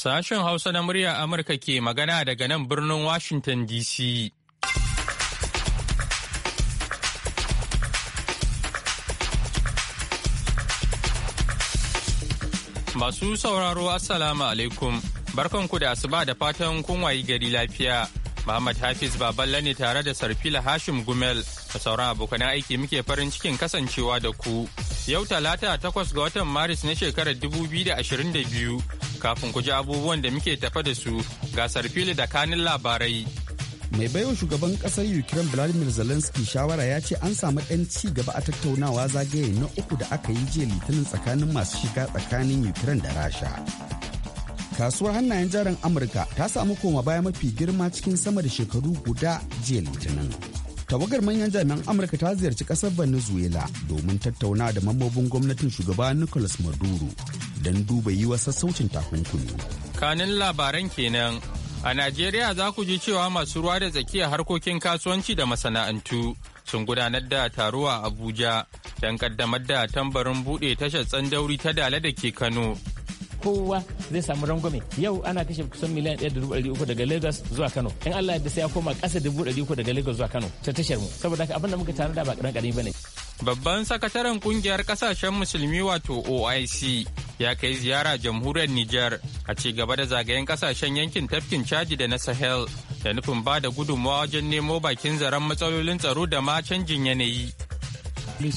Sashen Hausa na murya Amurka ke magana daga nan birnin Washington DC. Masu sauraro Assalamu alaikum, barkanku da asuba da fatan kun wayi gari lafiya. Muhammad Hafiz Baballe ne tare da Sarfila Hashim Gumel da sauran abokan aiki muke farin cikin kasancewa da ku. Yau talata takwas ga watan Maris na shekarar 2022 Kafin ku ji abubuwan da muke tafe da su gasar fili da kanin labarai. Mai baiwa shugaban kasar Ukraine Vladimir Zelensky shawara ya ce an samu ɗan ci gaba a tattaunawa zagaye na uku da aka yi jiya litinin tsakanin masu shiga tsakanin Ukraine da Rasha. Kasuwar hannayen Jaran Amurka ta samu koma baya mafi girma cikin sama da shekaru guda jiya litinin. tawagar manyan jami'an amurka ta ziyarci ƙasar venezuela domin tattauna da mambobin gwamnatin shugaba nicolas maduro don duba yi wasa saucin takunkumi. Kanin labaran kenan a Najeriya za ku ji cewa masu ruwa da tsakiya harkokin kasuwanci da masana'antu sun gudanar da taro a Abuja don kaddamar da tambarin buɗe tashar tsandauri ta dala da ke Kano. kowa zai samu rangwame yau ana kashe kusan miliyan ɗaya da dubu uku daga lagos zuwa kano in allah da sai ya koma ƙasa dubu ɗari uku daga lagos zuwa kano ta tashar mu saboda haka abin da muka da ba ƙaran ƙarami ba ne Babban sakataren kungiyar kasashen musulmi wato OIC ya kai ziyara jamhuriyar Nijar a cigaba da zagayen kasashen yankin tafkin Chadi da na Sahel da nufin ba da gudunmawa wajen nemo bakin zaren matsalolin tsaro da ma canjin yanayi. Euh,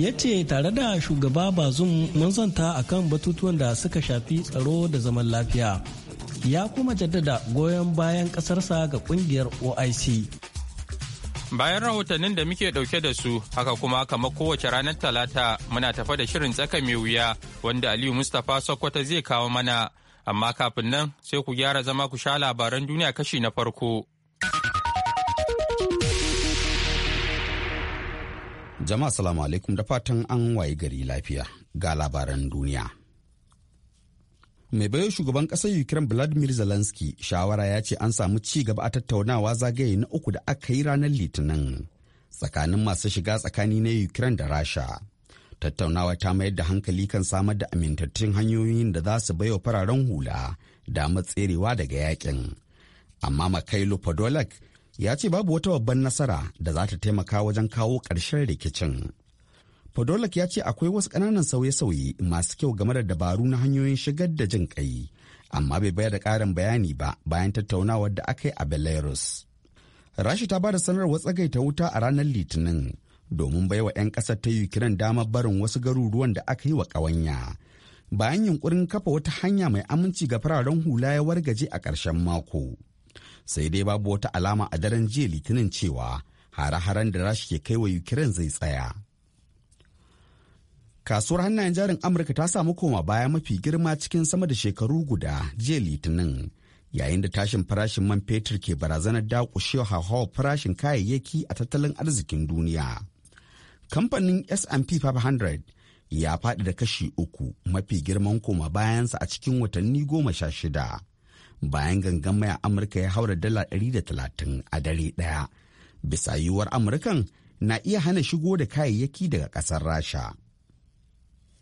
ya ce tare da shugaba bazum mun zanta akan batutuwan da suka shafi tsaro da zaman lafiya. ya kuma jaddada goyon bayan kasarsa ga ƙungiyar oic bayan rahotannin da muke ɗauke da su haka kuma kamar kowace ranar talata muna tafa da shirin tsaka mai wuya wanda aliyu mustapha sokoto zai kawo mana amma kafin nan sai ku gyara zama ku sha labaran duniya kashi na farko jama'a salamu alaikum da fatan an waye gari lafiya ga labaran duniya mai bayo shugaban ƙasar ukraine vladimir zelensky shawara ya ce an samu ci gaba a tattaunawa zagaye na uku da aka yi ranar litinin tsakanin masu shiga tsakani na ukraine da rasha tattaunawa ta mayar da hankali kan samar da amintattun hanyoyin da za su baiwa fararen hula damar tserewa daga yakin amma makailo podolak ya ce babu wata babban nasara da za ta taimaka wajen kawo ƙarshen rikicin Podolak ya ce akwai wasu ƙananan sauye-sauye masu kyau game da dabaru na hanyoyin shigar da jin ƙai, amma bai bayar da ƙarin bayani ba bayan tattaunawar da aka yi a Belarus. Rashi ta ba da sanarwar tsagaita wuta a ranar Litinin domin baiwa 'yan ƙasar ta Ukraine damar barin wasu garuruwan da aka yi wa ƙawanya. Bayan yunƙurin kafa wata hanya mai aminci ga fararen hula ya wargaje a ƙarshen mako. Sai dai babu wata alama a daren jiya Litinin cewa hare-haren da Rashi ke kai wa Ukraine zai tsaya. kasuwar hannayen jarin amurka ta samu koma baya mafi girma cikin sama da shekaru guda jiya litinin yayin da tashin farashin man fetur ke barazanar dakushe hauhawar farashin kayayyaki a tattalin arzikin duniya kamfanin S&P 500 ya faɗi da kashi uku mafi girman koma bayansa a cikin watanni goma sha shida bayan mai a amurka ya haura dala 130 a dare ɗaya bisa yiwuwar amurkan na iya hana shigo da kayayyaki daga ƙasar rasha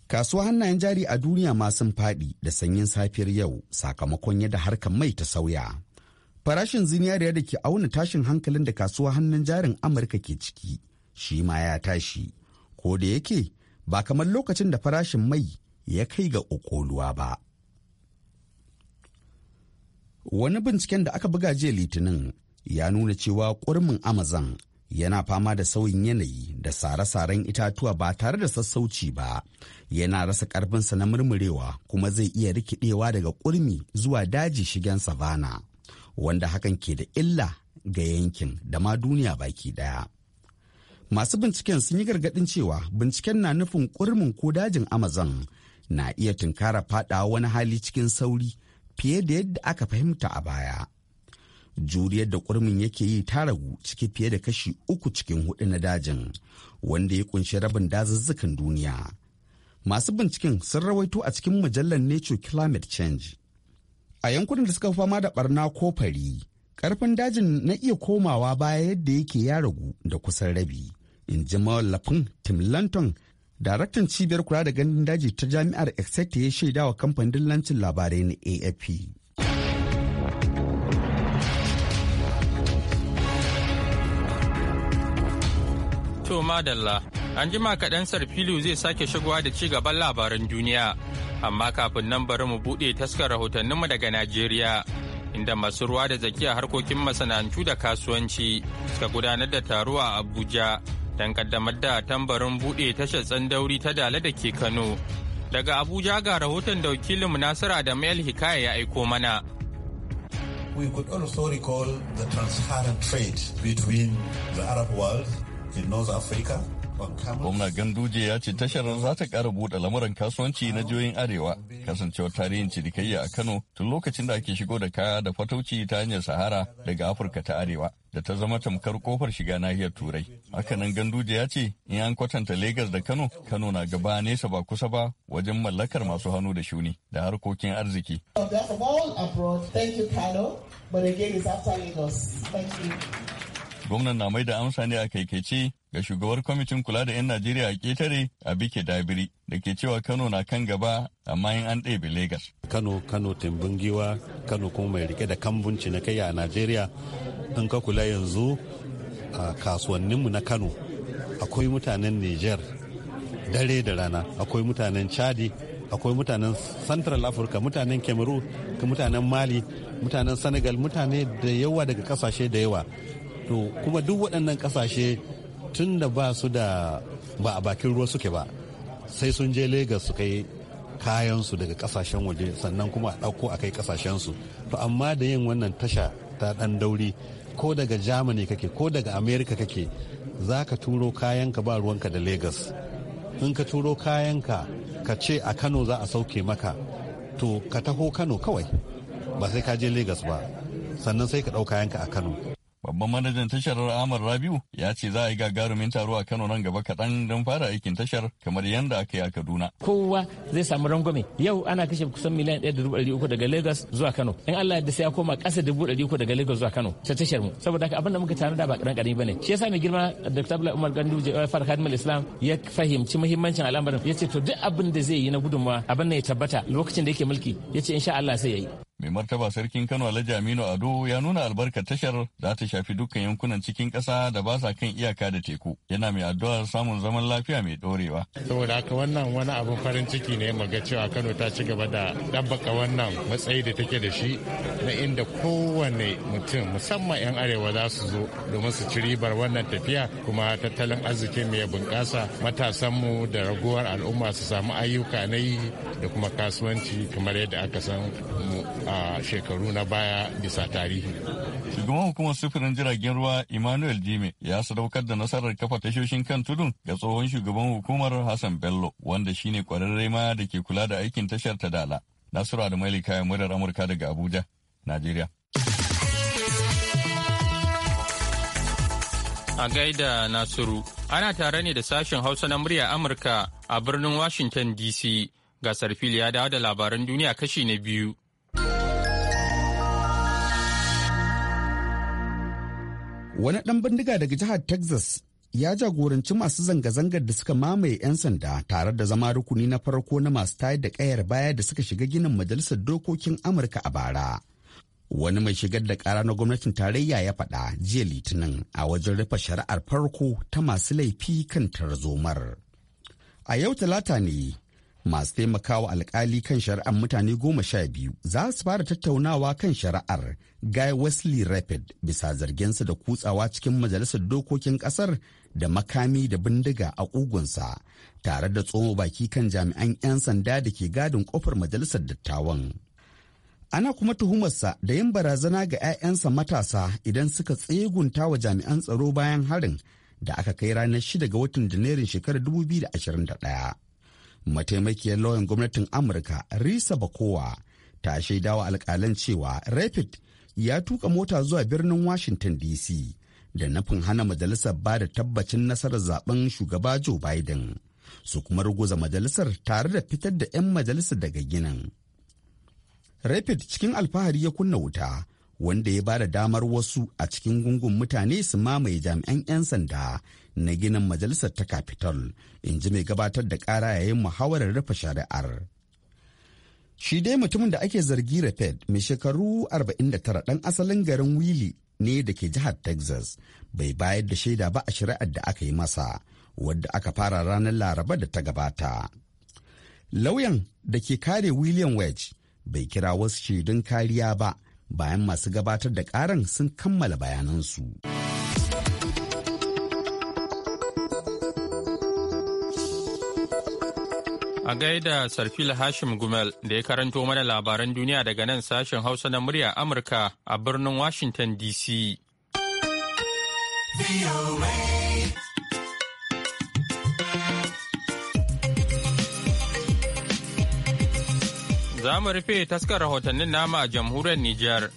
Kasuwa hannayen jari a duniya ma sun faɗi da sanyin safiyar yau sakamakon yadda harkar mai ta sauya. Farashin zinariya da ke auna tashin hankalin da kasuwa hannun jarin Amurka ke ciki shi ma ya tashi. Ko da yake ba kamar lokacin da farashin mai ya kai ga okoluwa ba. Wani binciken da aka buga jiya Litinin ya nuna cewa ƙurmin Amazon yana fama da sauyin yanayi da sare-saren itatuwa ba tare da sassauci ba yana rasa karfinsa na murmurewa kuma zai iya rikidewa daga kurmi zuwa daji shigen savana wanda hakan ke da illa ga yankin da ma duniya baki daya masu binciken sun yi gargadin cewa binciken na nufin kurmin ko dajin amazon na iya tunkara fadawa wani hali cikin sauri fiye da yadda aka fahimta a baya. juriyar da kurmin yake yi ta ragu ciki fiye da kashi uku cikin hudu na dajin wanda ya kunshi rabin dazuzzukan duniya masu binciken sun rawaito a cikin mujallar nature climate change a yankunan da suka fama da barna ko fari karfin dajin na iya komawa baya yadda yake ya ragu da kusan rabi in ji mawallafin tim lanton daraktan cibiyar kula da gandun daji ta jami'ar exeter ya shaidawa kamfanin lancin labarai na afp ma dalla an jima kaɗan sarfilu zai sake shigowa da ci gaban labaran duniya. Amma kafin nan bari mu buɗe taskar rahotanninmu daga Najeriya. Inda masu ruwa da zakiya harkokin masana'antu da kasuwanci suka gudanar da taro a Abuja don kaddamar da tambarin buɗe tashar tsandauri ta dala da ke Kano. Daga Abuja ga rahoton da wakilinmu Nasira da Mail Hikaya ya aiko mana. We could also recall the transparent trade between the Arab world in North Africa. Gwamna Ganduje ya ce tashar za ta kara buɗe lamuran kasuwanci na jiyoyin Arewa, kasancewar tarihin cinikayya a Kano tun lokacin da ake shigo da kaya da fatauci ta hanyar Sahara daga Afirka ta Arewa, da ta zama tamkar kofar shiga nahiyar Turai. Hakanan Ganduje ya ce, in an kwatanta Legas da Kano, Kano na gaba nesa ba kusa ba wajen mallakar masu hannu da shuni da harkokin arziki. Gwamnan na mai da amsa ne a kaikaice ga shugabar kwamitin kula da 'yan Najeriya a ketare a Bike Dabiri da ke cewa Kano na kan gaba amma yin an ɗebe Legas. Kano, Kano timbin giwa, Kano kuma mai rike da kambun kai a Najeriya. In ka kula yanzu a kasuwanninmu na Kano akwai mutanen niger dare da rana, akwai mutanen Chadi, akwai mutanen Central Africa, mutanen Cameroon, mutanen Mali, mutanen Senegal, mutane da yawa daga kasashe da yawa. to kuma duk waɗannan ƙasashe tun da ba su da ba a bakin ruwa suke ba sai sun je Legas su kai kayansu daga ƙasashen waje sannan kuma a ɗauko a kai ƙasashensu. to amma da yin wannan tasha ta ɗan dauri ko daga germany kake ko daga america kake za ka turo kayanka ba ruwanka da Legas. in ka turo kayanka ka ce a kano za a sauke maka to ka taho kano kawai ba sai ka je Legas ba sannan sai ka ɗau kayanka a kano Babban manajan tashar Ahmad Rabiu ya ce za a yi gagarumin taro a Kano nan gaba kaɗan don fara aikin tashar kamar yadda aka yi a Kaduna. Kowa zai samu rangwame. Yau ana kashe kusan miliyan ɗaya da dubu ɗari uku daga Lagos zuwa Kano. In Allah ya sai ya koma ƙasa dubu ɗari uku daga Lagos zuwa Kano ta tashar mu. Saboda haka abin da muka tanada ba ƙaran ƙarami ne Shi sa mai girma Dr. Abdullahi Umar Ganduje Jawafar eh, Kadimul Islam ya fahimci muhimmancin al'amarin. Ya ce to duk abin da zai yi na gudunmawa abin da ya tabbata lokacin da yake mulki ya ce insha Allah sai ya yi. mai martaba sarkin kano alhaji aminu ado ya nuna albarka tashar za ta shafi dukkan yankunan cikin ƙasa da ba sa kan iyaka da teku yana mai addu'ar samun zaman lafiya mai ɗorewa. saboda haka wannan wani abin farin ciki ne mu ga cewa kano ta ci gaba da ɗabbaka wannan matsayi da take da shi na inda kowane mutum musamman 'yan arewa za su zo domin su ci ribar wannan tafiya kuma tattalin arzikin mai ya bunƙasa matasanmu da raguwar al'umma su samu ayyuka na yi da kuma kasuwanci kamar yadda aka san mu a shekaru na baya bisa tarihi. Shugaban hukumar sufurin jiragen ruwa Emmanuel Dime ya sadaukar da nasarar kafa tashoshin kan tudun ga tsohon shugaban hukumar Hassan Bello wanda shine kwararre ma da ke kula da aikin tashar ta dala. Nasiru Maili kayan murar Amurka daga Abuja, Najeriya. A gaida Nasiru, ana tare ne da sashen Hausa na murya Amurka a birnin Washington DC. Gasar fili ya dawo da labaran duniya kashi na biyu. Wani ɗan bindiga daga jihar Texas ya jagoranci masu zanga-zangar da suka mamaye 'yan sanda tare da zama rukuni na farko na masu tayar da ƙayar baya da suka shiga ginin majalisar dokokin Amurka a bara. Wani mai shigar da ƙara na gwamnatin tarayya ya faɗa jiya litinin a wajen rufe shari'ar farko ta masu laifi kan tarzomar. A yau talata ne masu taimakawa alkali kan shari'ar mutane goma sha biyu za su fara tattaunawa kan shari'ar guy wesley rapid bisa zargensa da kutsawa cikin majalisar dokokin kasar da makami da bindiga a ƙugunsa tare da tsoma baki kan jami'an 'yan sanda da ke gadin kofar majalisar dattawan ana kuma tuhumarsa da yin barazana ga 'ya'yansa matasa idan suka tsegunta wa jami'an tsaro bayan harin da aka kai ranar 6 ga watan janairun shekarar 2021 mataimakiyar lauyan gwamnatin amurka risa bakowa ta shaidawa alkalan cewa rapid ya tuka mota zuwa birnin washington dc da nufin hana majalisar ba da tabbacin nasarar zaben shugaba joe biden su kuma ruguza majalisar tare da fitar da 'yan majalisar daga ginin rapid cikin alfahari ya kunna wuta wanda ya ba da damar wasu a cikin gungun mutane su mamaye jami'an 'yan sanda na ginin majalisar ta capitol in ji mai gabatar da kara yayin muhawarar rufe shari'ar shi dai mutumin da ake zargi rafet mai shekaru 49 ɗan asalin garin wili ne da ke jihar texas bai bayar da shaida ba a shari'ar da aka yi masa wadda aka fara ranar laraba da ta gabata lauyan da ke kare william wedge bai kira wasu shaidun kariya ba bayan masu gabatar da karan sun kammala bayanansu. A gaida Sarfil Hashim Gumel da ya karanto mana labaran duniya daga nan sashen Hausa na murya Amurka a birnin Washington DC. Za mu rufe taskar rahotannin nama a jamhuriyar Nijar.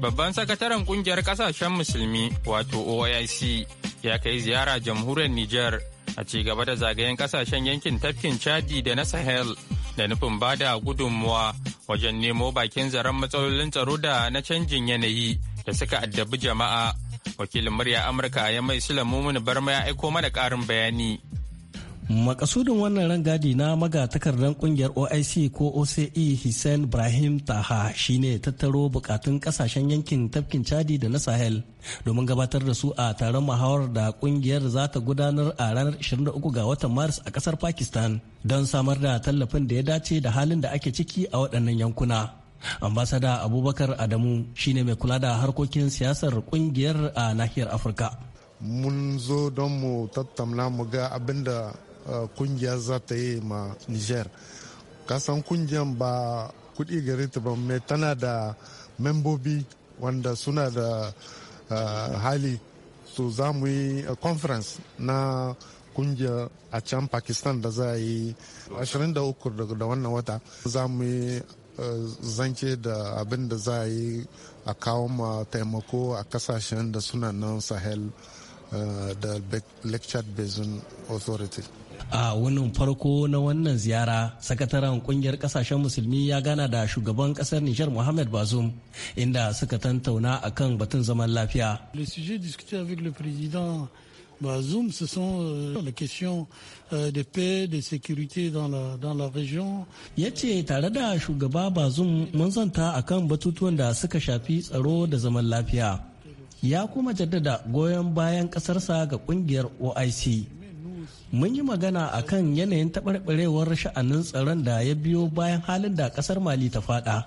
Babban sakataren kungiyar kasashen musulmi wato OIC ya kai ziyara jamhuriyar Nijar. a ci gaba da zagayen kasashen yankin tafkin chadi da na sahel da nufin bada gudunmuwa wajen nemo bakin zaren matsalolin tsaro da na canjin yanayi da suka addabi jama'a wakilin murya amurka ya mai bar barma ya aiko mana karin bayani Makasudin wannan rangadi na magatakardan kungiyar OIC ko OCE Hussein Ibrahim Taha shine tattaro bukatun kasashen yankin tafkin Chadi da na Sahel domin gabatar da su a taron mahawar da kungiyar za ta gudanar a ranar 23 ga watan Maris a kasar Pakistan don samar da tallafin da ya dace da halin da ake ciki a waɗannan yankuna. Ambasada Abubakar Adamu shine mai kula da harkokin siyasar kungiyar a nahiyar Afirka. Mun zo don mu tattauna mu ga abin da Eh, kungiya za ta yi ma niger kasan kungiyar ba kudi gari ta ba mai tana da membobi wanda suna da eh, hali so za mu yi eh, conference na kungiyar a can pakistan da za a yi 23 da wannan wata za mu yi zance da abin da za a yi a kawo ma taimako a kasashen da suna nan sahel da lecture basin authority a wannan farko na wannan ziyara sakataren kungiyar kasashen musulmi ya gana da shugaban kasar nijar mohammed bazoum inda suka tantauna akan batun zaman lafiya Bazoum, ce sont euh, les euh, Ya ce tare da shugaba Bazoum mun zanta akan batutuwan da suka shafi tsaro da zaman lafiya. Ya kuma jaddada goyon bayan kasarsa ga kungiyar OIC mun yi magana a kan yanayin taɓarɓarewar sha'anin tsaron da ya biyo bayan halin da ƙasar mali ta faɗa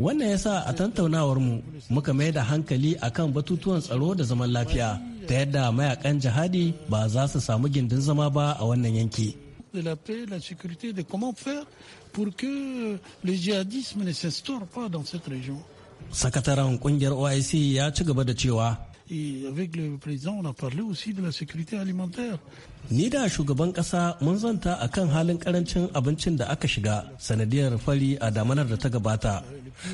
wannan ya sa a tantaunawar mu muka mai da hankali a kan batutuwan tsaro da zaman lafiya ta yadda mayakan jihadi ba za su samu gindin zama ba a wannan yanki de Sakataren kungiyar OIC ya ci gaba da cewa Et avec le président, on a parlé aussi de la sécurité alimentaire. Ni da shugaban kasa mun zanta a kan halin karancin abincin da aka shiga sanadiyar fari a damanar da ta gabata.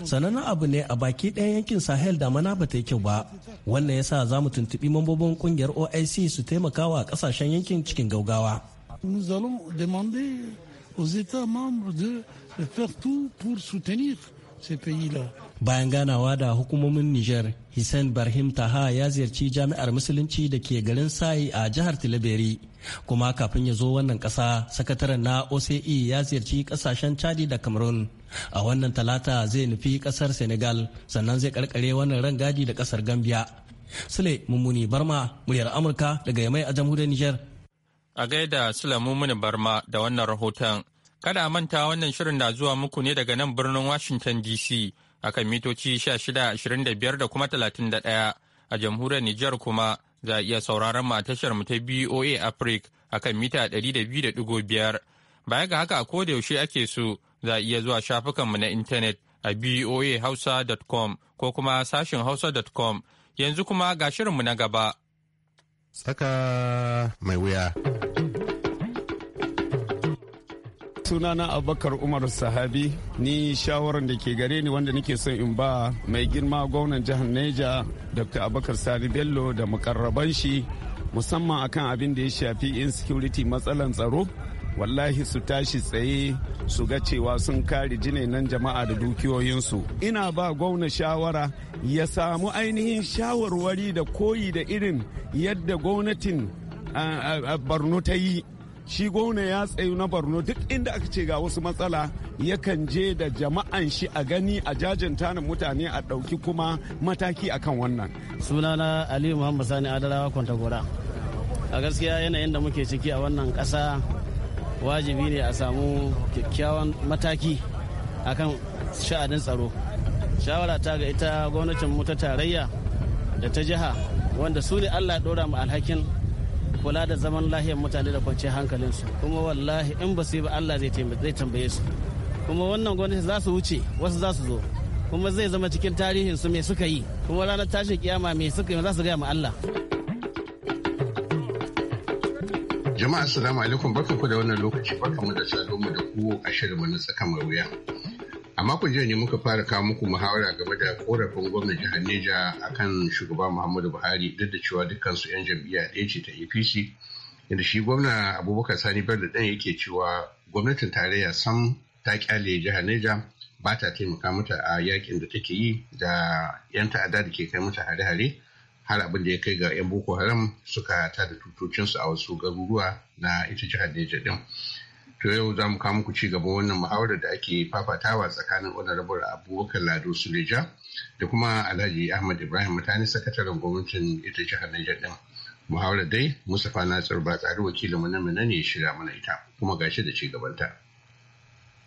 Sanannen abu ne a baki ɗayan yankin Sahel damana ba ta yi kyau ba. Wannan ya sa za mu tuntuɓi mambobin ƙungiyar OIC su taimaka wa ƙasashen yankin cikin gaugawa. Nous allons demander aux États membres de faire tout pour soutenir ces pays-là. bayan ganawa da hukumomin Nijar, Hussein Barhim Taha ya ziyarci jami'ar musulunci da ke garin Sai a jihar Tilaberi. Kuma kafin ya zo wannan ƙasa, sakataren na OCE ya ziyarci kasashen Chadi da Cameroon. A wannan talata zai nufi ƙasar Senegal, sannan zai karkare wannan rangadi da kasar Gambia. Sule Mummuni Barma, muryar Amurka daga Yamai a jamhuriyar Nijar. A gaida Sule Mummuni Barma da wannan rahoton. Kada manta wannan shirin na zuwa muku ne daga nan birnin Washington DC. akan mitoci 1625 da kuma 31 a jamhuriyar Nijar kuma za a iya sauraron mu a tashar mu ta BOA Africa akan mita 200.5 baya ga haka a koda yaushe ake so za a iya zuwa shafukanmu na intanet a boahausa.com ko kuma sashin hausa.com yanzu kuma ga shirinmu na gaba. Saka mai wuya. sunana abakar umar sahabi ni shawaran da ke gare ni wanda nake son in ba mai girma gwamnan jihar neja dr abubakar sani bello da mukarraban shi musamman akan abin da ya shafi insecurity matsalan tsaro wallahi su tashi tsaye su ga cewa sun kare nan jama'a da dukiyoyinsu ina ba gwamna shawara ya samu ainihin shawarwari da koyi da irin yadda gwamnatin barno ta yi shi gwamna ya tsayi na borno duk inda aka ce ga wasu matsala yakan je da jama'an shi a gani a jajin na mutane a ɗauki kuma mataki akan wannan sunana aliyu muhammad sani adalawa kwantagora a gaskiya yanayin da muke ciki a wannan ƙasa wajibi ne a samu kyakkyawan mataki akan sha'adin tsaro shawara ta ga ita gwamnatin mu ta tarayya da ta jiha wanda su ne allah ɗora mu alhakin kula da zaman lahiyar mutane da kwanciyar hankalinsu kuma wallahi in ba su yi ba allah zai tambaye su kuma wannan gwamnati za su wuce wasu za su zo kuma zai zama cikin tarihin su me suka yi kuma ranar tashin kiyama me suka yi za su gaya ma allah jama'a assalamu alaikum barkanku da wannan lokaci barkanmu da saduwa da ku a shirinmu na tsaka mai wuya a makon jiya ne muka fara kawo muku muhawara game da korafin gwamnan jihar neja akan shugaba muhammadu buhari duk da cewa dukkansu 'yan jam'iyya ɗaya ce ta apc inda shi gwamna abubakar sani bello ɗan yake cewa gwamnatin tarayya sam ta kyale jihar neja ba ta taimaka mata a yakin da take yi da 'yan ta'adda da ke kai mata hare-hare har abin da ya kai ga 'yan boko haram suka tada tutocinsu a wasu garuruwa na ita jihar neja din To yau za mu kawo muku ci gaban wannan muhawara da ake fafatawa tsakanin Honorable Abubakar Lado Suleja da kuma Alhaji Ahmad Ibrahim Mutane sakataren gwamnatin ita jihar Niger din. Muhawarar dai Mustapha Nasir ba tsari wakilin na mana ne shirya mana ita kuma gashi da ci gabanta.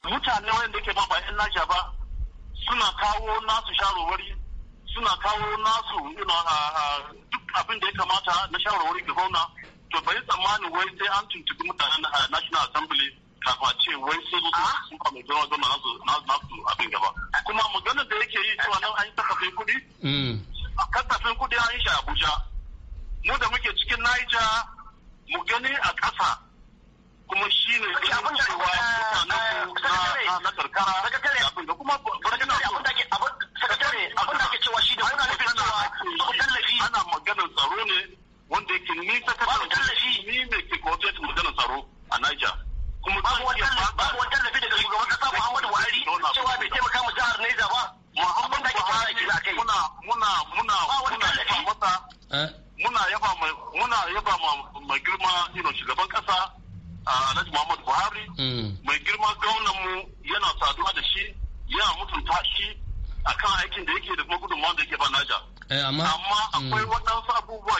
Mutane wanda ke ba bayan Niger ba suna kawo nasu shawarwari suna kawo nasu duk abin da ya kamata na shawarwari ga gwamna to bai tsammanin wai sai an tuntubi mutanen National Assembly kafin a ce wai sai mutum ah? sun zama zama na su abin gaba kuma maganar da yake yi cewa nan an yi kasafin kuɗi mm. kasafin kuɗi an yi shi abuja mu da muke cikin naija mu gani a ƙasa kuma shi ne abin da cewa na karkara da abin da kuma barkana abin da ake cewa shi da muna nufin cewa babu tallafi ana maganar tsaro ne wanda yake nisa ta tallafi ni ne ke kotu maganar tsaro a Niger. kuma babu wannan babu wani tallafi daga shugaban kasa Muhammadu Buhari cewa bai taimaka mu jihar Niger ba Muhammadu Buhari kira kai muna muna muna muna yaba masa eh? muna yaba muna yaba ma girma ino shugaban kasa Alhaji Muhammadu Buhari hmm. mai girma gwamnan mu yana saduwa da shi yana mutunta shi akan aikin da yake da kuma gudunmawar da yake ba Niger eh, amma akwai hmm. waɗansu abubuwa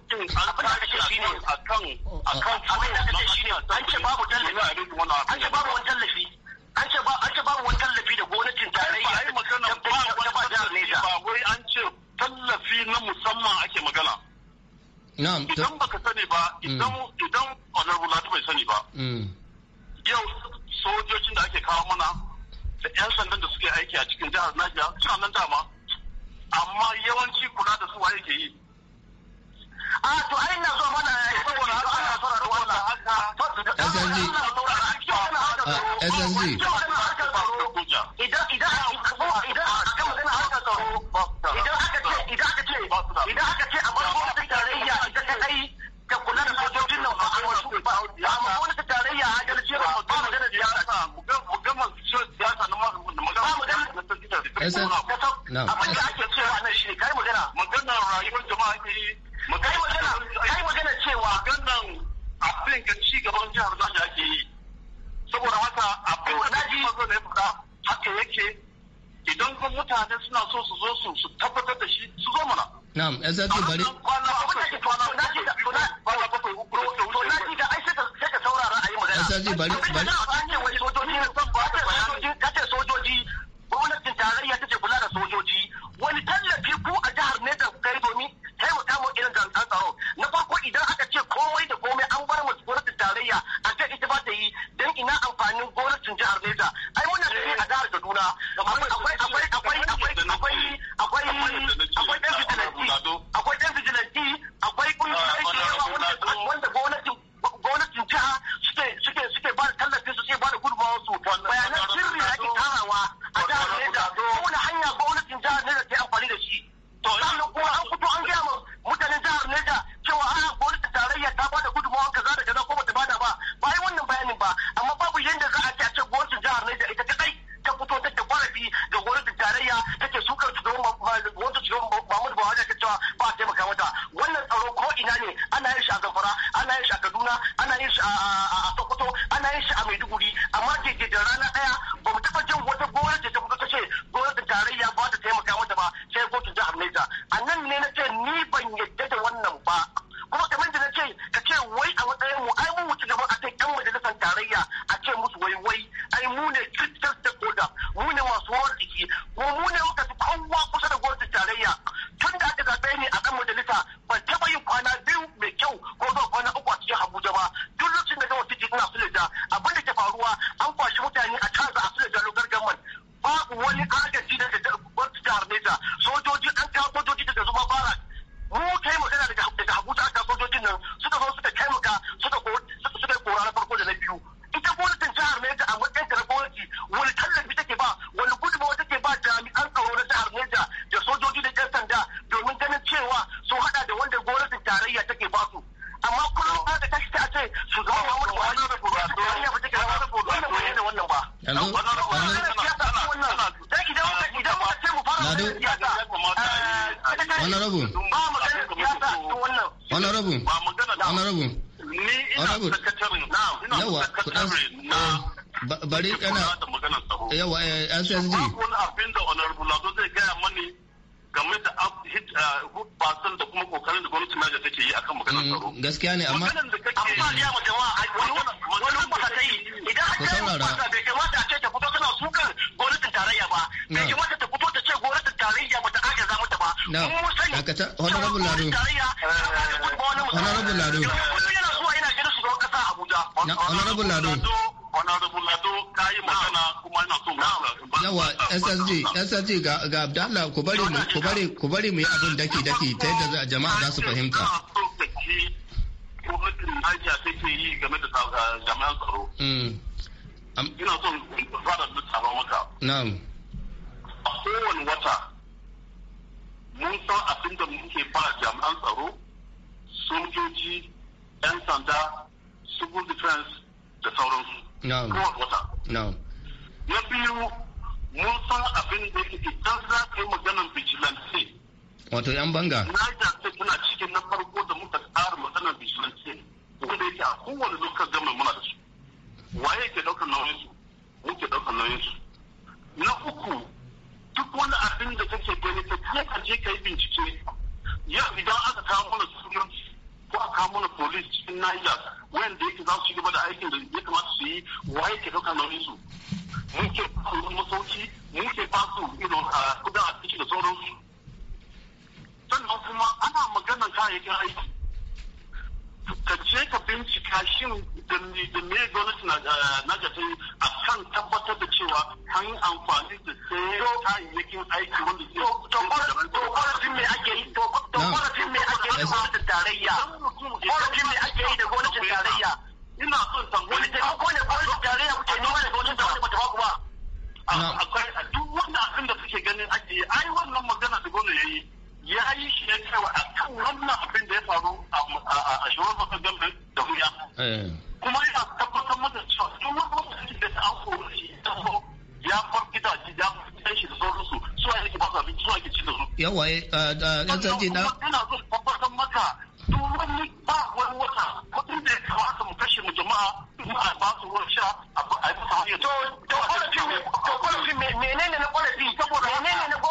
abin da kake shine akan akan abin da kake shine an ce babu tallafi an ce babu wani tallafi an ce ba an ce babu wani tallafi da gwamnatin tarayya ai magana ba wani ba jihar ba wai an ce tallafi na musamman ake magana na'am idan baka sani ba mm. idan idan honorable bai sani ba mm. yau sojojin da ake kawo mana da 'yan sandan da suke aiki a cikin jihar Niger suna nan dama amma yawanci kula da su waye ke yi a to ai ina zuwa mana saboda haka ana wannan idan aka ce a bar gwamnatin tarayya ita ta kai kula da sojojin nan ba a ba amma tarayya a ba ba siyasa mu mu siyasa na magana ba ake cewa nan shi kai magana magana rayuwar jama'a mu kai magana kai magana cewa wannan abin ga ci gaban jihar Zaji ake yi saboda haka abin da daji mazo da ya faɗa haka yake idan mutane suna so su zo su su tabbatar da shi su zo mana na'am ya zato bari ya zato bari bari i a maiduguri tarayya take ba su amma kullum ba da tashi ta ce su zama wani da ba bari yana yawa eh, an gaskiya ne amma amma wani ta yi idan an kai hukunta bai a ce ta fito tana sukan ba ta mata ba yawa ga abdallah ku bari mu yi abin daki daki ta yadda jama'a za su fahimta hajiya take yi game da jami'an tsaro. Hmm. Ina son fara da taron maka. A kowane wata mun san abin da muke ba jami'an tsaro, sojoji, 'yan sanda, civil defense da sauransu. Kowane wata. Na biyu mun san abin da ke idan za ka yi maganar vigilance. Wato 'yan banga? Na yi tana cikin na farko da muka tsara maganar vigilance. wanda yake a kowane lokacin gwamnati muna da su waye ke ɗaukar nauyin su muke ɗaukar nauyin su na uku duk wani abin da kake gani ta kai ka je kai bincike yau idan aka kawo mana sunan ko a kawo mana police cikin Niger wanda yake za su ci gaba da aikin da ya kamata su yi waye ke ɗaukar nauyin su muke fasu masauki muke fasu irin kudin a ciki da sauransu sannan kuma ana maganar kayayyakin aiki je ka bincika shin da me gwamnati na eh, gata a kan tabbatar da cewa kan yi amfani da sayo kayayyakin aiki wanda zai to kwarafin me ake yi to kwarafin mai ake yi da gwamnatin tarayya kwarafin me ake yi da gwamnatin tarayya ina son tango ne taimako ne gwamnatin tarayya kuke nema da gwamnatin tarayya ba ta baku ba akwai duk wanda abin da suke ganin ake yi ai wannan magana da gwamnati ya yi ya yi shi ya cewa a kan wannan abin da ya faru a shugaban kasar gambe da wuya. Kuma yana tabbatar masa cewa tun wani lokacin da an kori shi ya far gidaje ya far shi da sauransu su a yake ba su abinci su a yake ci da su. Yawa ya na. Ina so tabbatar maka tun wani ba wani wata kuɗin da ya kamata mu kashe mu jama'a mu a ba su ruwan sha a yi masa hanyar. To, to, to, to, to, to, to, to, na to,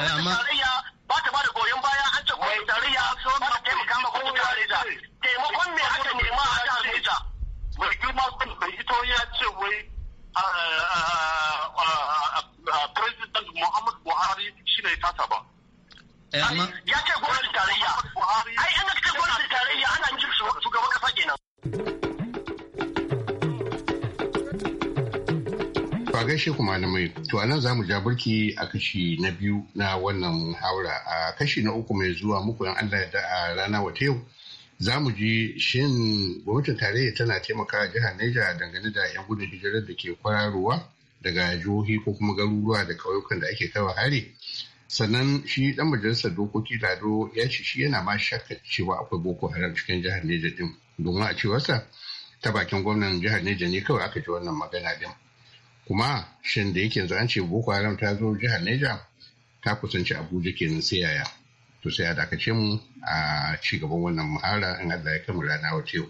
哎妈！gaishe ku malamai to a nan za mu ja birki a kashi na biyu na wannan haura a kashi na uku mai zuwa muku yan allah da a rana wata yau za mu ji shin gwamnatin tarayya tana taimaka jihar Neja dangane da 'yan gudun hijirar da ke kwararowa daga jihohi ko kuma garuruwa da kauyukan da ake kawo hari sannan shi dan majalisar dokoki lado ya ce shi yana ma shakka cewa akwai boko haram cikin jihar Neja din domin a cewarsa ta bakin gwamnan jihar Neja ne kawai aka ji wannan magana din kuma shin da yake an ce boko haram ta zo jihar neja ta kusanci abuja kenan sai yaya to sai a dakace mu a ci gaban wannan muhara in allah ya kama rana wa yau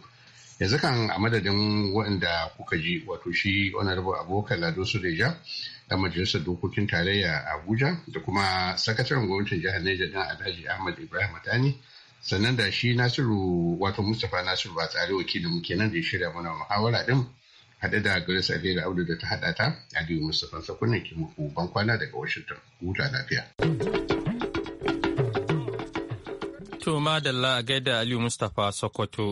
yanzu kan a madadin waɗanda kuka ji wato shi honorable abokan lado su suleja dan majalisar dokokin tarayya a abuja da kuma sakataren gwamnatin jihar neja din alhaji ahmad ibrahim tani sannan da shi nasiru wato mustapha nasiru ba tsare wakilin mu kenan da ya shirya mana muhawara din haɗe da Grace Alheri Audu da ta haɗa ta Aliyu Mustapha Sakunan ki muku ban kwana daga Washington. Huta lafiya. To madalla a gaida Aliyu Mustapha Sokoto.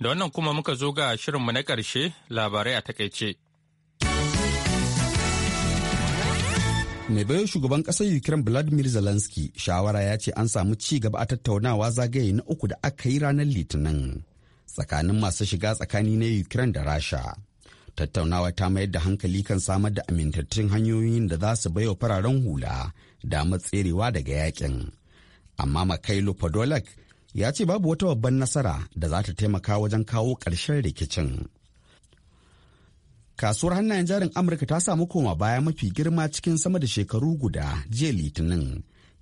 Da wannan kuma muka zo ga shirin mu na ƙarshe labarai a takaice. mai bayan shugaban ƙasar ukraine vladimir zelensky shawara ya ce an samu ci gaba a tattaunawa zagaye na uku da aka yi ranar litinin tsakanin masu shiga tsakani na ukraine da rasha tattaunawa ta mayar da hankali kan samar da amintattun hanyoyin da za su baiwa fararen hula damar tserewa daga yakin amma makailo podolak ya ce babu wata babban nasara da za ta taimaka wajen kawo ƙarshen rikicin kasuwar hannayen jarin amurka ta samu koma baya mafi girma cikin sama da shekaru guda jiya litinin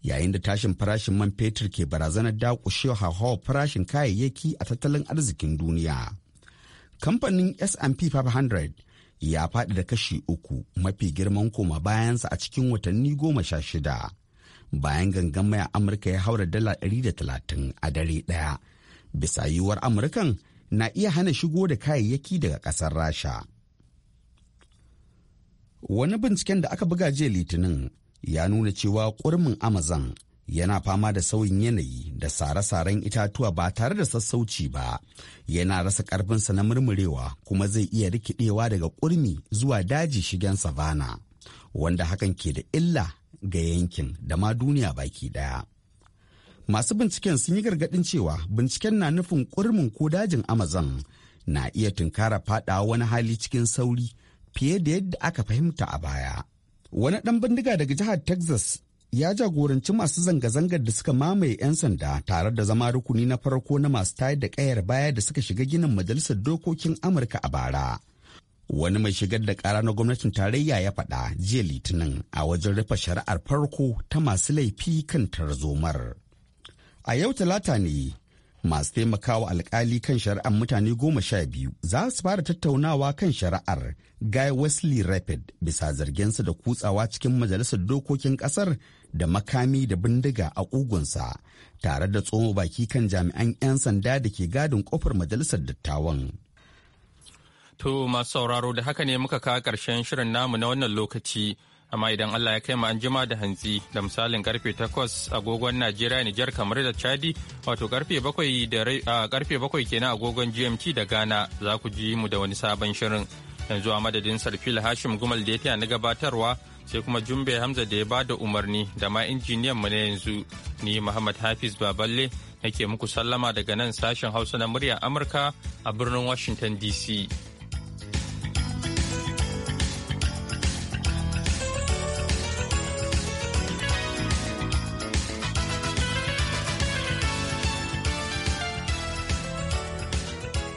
yayin da tashin farashin man fetur ke barazanar dakushewa hauhawar farashin kayayyaki a tattalin arzikin duniya kamfanin S&P 500 ya faɗi da kashi uku mafi girman koma bayansa a cikin watanni goma sha shida. Bayan gangan a Amurka ya haura dala 130 a dare ɗaya. Bisa yiwuwar Amurkan na iya hana shigo da kayayyaki daga ƙasar Rasha. Wani binciken da aka buga jiya Litinin ya nuna cewa ƙurmin Amazon yana fama da sauyin yanayi da sare-saren itatuwa ba tare da sassauci ba yana rasa ƙarfinsa na murmurewa kuma zai iya rikidewa daga kurmi zuwa daji shigen Savanna, wanda hakan ke da illa ga yankin da ma duniya baki daya masu binciken sun yi gargadin cewa binciken na nufin kurmin ko dajin amazon na iya tunkara fada wani hali cikin sauri fiye da yadda aka fahimta a baya. Wani ɗan bindiga daga jihar Texas ya jagoranci masu zanga-zangar da suka mamaye 'yan sanda tare da zama rukuni na farko na masu tayar da kayar baya da suka shiga ginin majalisar dokokin amurka a bara wani mai shigar da kara na gwamnatin tarayya ya faɗa jiya litinin a wajen rufe shari'ar farko ta masu laifi kan tarzomar a yau talata ne masu taimakawa alkali kan shari'ar mutane goma sha biyu za su fara tattaunawa kan shari'ar guy wesley rapid bisa zargensa da kutsawa cikin majalisar dokokin kasar da makami da bindiga a ƙugunsa tare da tsoma baki kan jami'an 'yan sanda da ke gadin kofar majalisar dattawan to masu sauraro da haka ne muka kawo ƙarshen shirin namu na wannan lokaci amma idan Allah ya kai mu anjima da hantsi da misalin karfe 8 agogon Najeriya Nijar kamar da Chadi wato karfe 7 da karfe 7 kenan agogon GMT da Ghana za ku ji mu da wani sabon shirin yanzu a madadin Sarfil Hashim Gumal da ya na gabatarwa sai kuma Jumbe Hamza da ya ba da umarni da ma injiniyan mu ne yanzu ni Muhammad Hafiz Baballe nake muku sallama daga nan sashen Hausa na muryar Amurka a birnin Washington DC.